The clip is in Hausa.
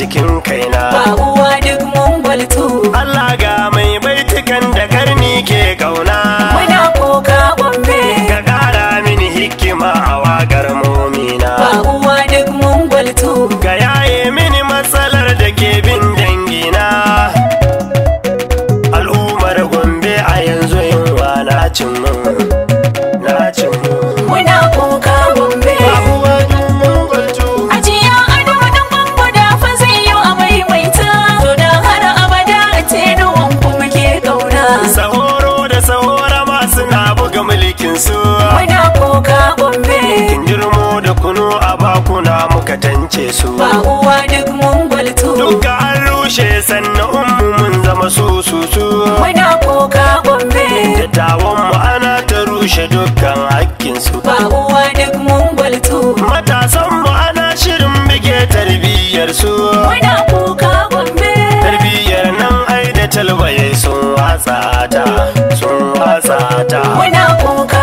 cikin kaina ba uwa duk mun gwaltu Allah ga mai baitukan da karni ke kauna muna koka gombe ka kara mini hikima a wagar su. muna kuka gombe kindirmo da kunu a bakuna muka tance su ba uwa duk mun gwaltu duka an rushe sannan ummu mun zama su su su muna kuka gombe dattawan mu ana ta rushe dukkan hakkin su ba uwa duk mun gwaltu matasan mu ana shirin bige tarbiyyar su muna kuka gombe tarbiyyar nan ai da talbaye sun watsa ta sun watsa ta muna kuka